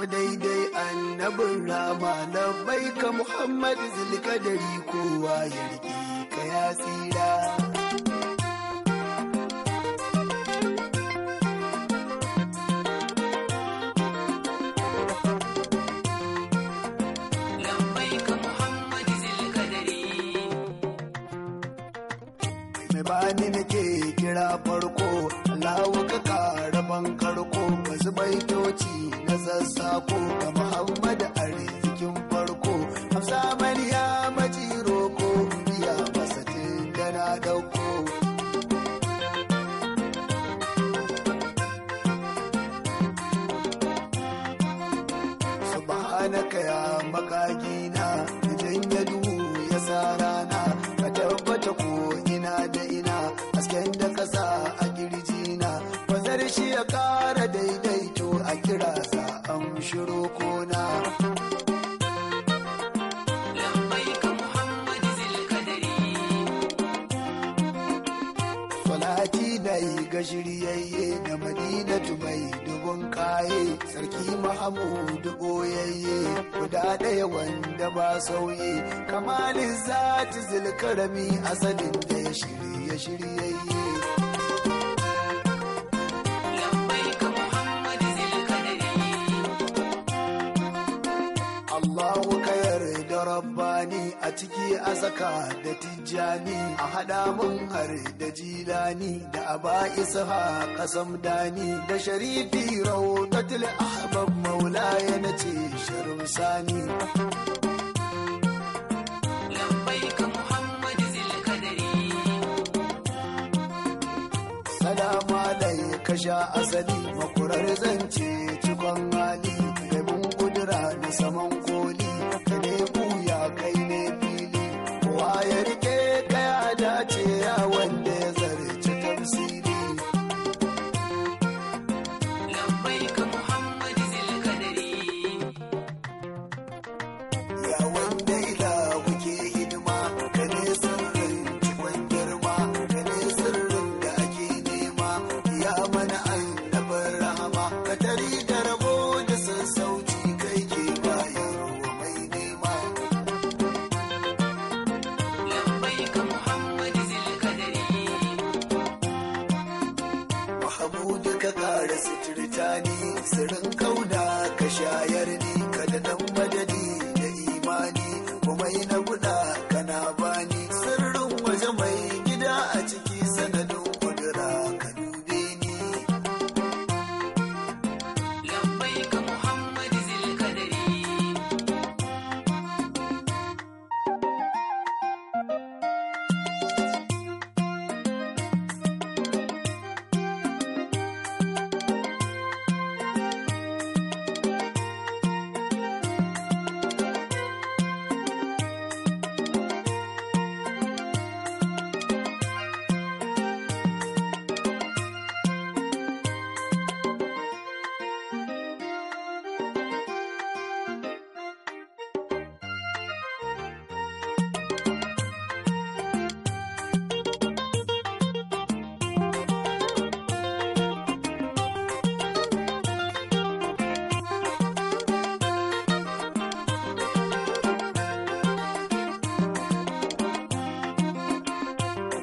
tafi daidai annabin rama na ka muhammad zulkadari kowa ya riƙe ka ya tsira Bani nake kira farko allahu ka kara bankarko ka zubaitoci na zassako ga muhammad arzikin farko hamsa mariya maji Ko biya masa na dauko subhanaka ya na. janye duhu ya sa rana ka tabbata ko ina da ina Asken da kasa a giri shi ya ƙara daidaito a kirasa sa an shiro kona. ga shiryayye da madinatu mai dubun kaye sarki Muhammadu boyayye guda ɗaya wanda ba sauye kamalin zati zilkarami asalin da ya shirye shiryayye a ciki a saka da tijjani a haɗa mun har da jilani da aba isha kasam dani da sharifi rautatul ahbab maula ya nace sharum sani Salama dai ka sha asali makurar zance mahamudu ka kara suturta ni sirin kauna ka shayar ni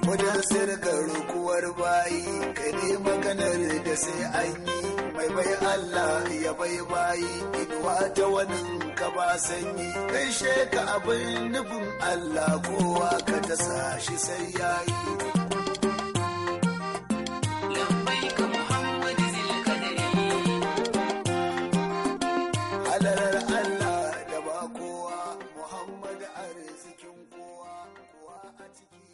wajen sirgar rukuwar bayi ka ne maganar da sai an yi mai bai Allah ya bai bayi inuwa ta wani ka ba sanyi kai ka abin nufin Allah kowa ka ta shi sai yayi Halarar Allah da ba kowa Muhammad arzikin kowa kowa a ciki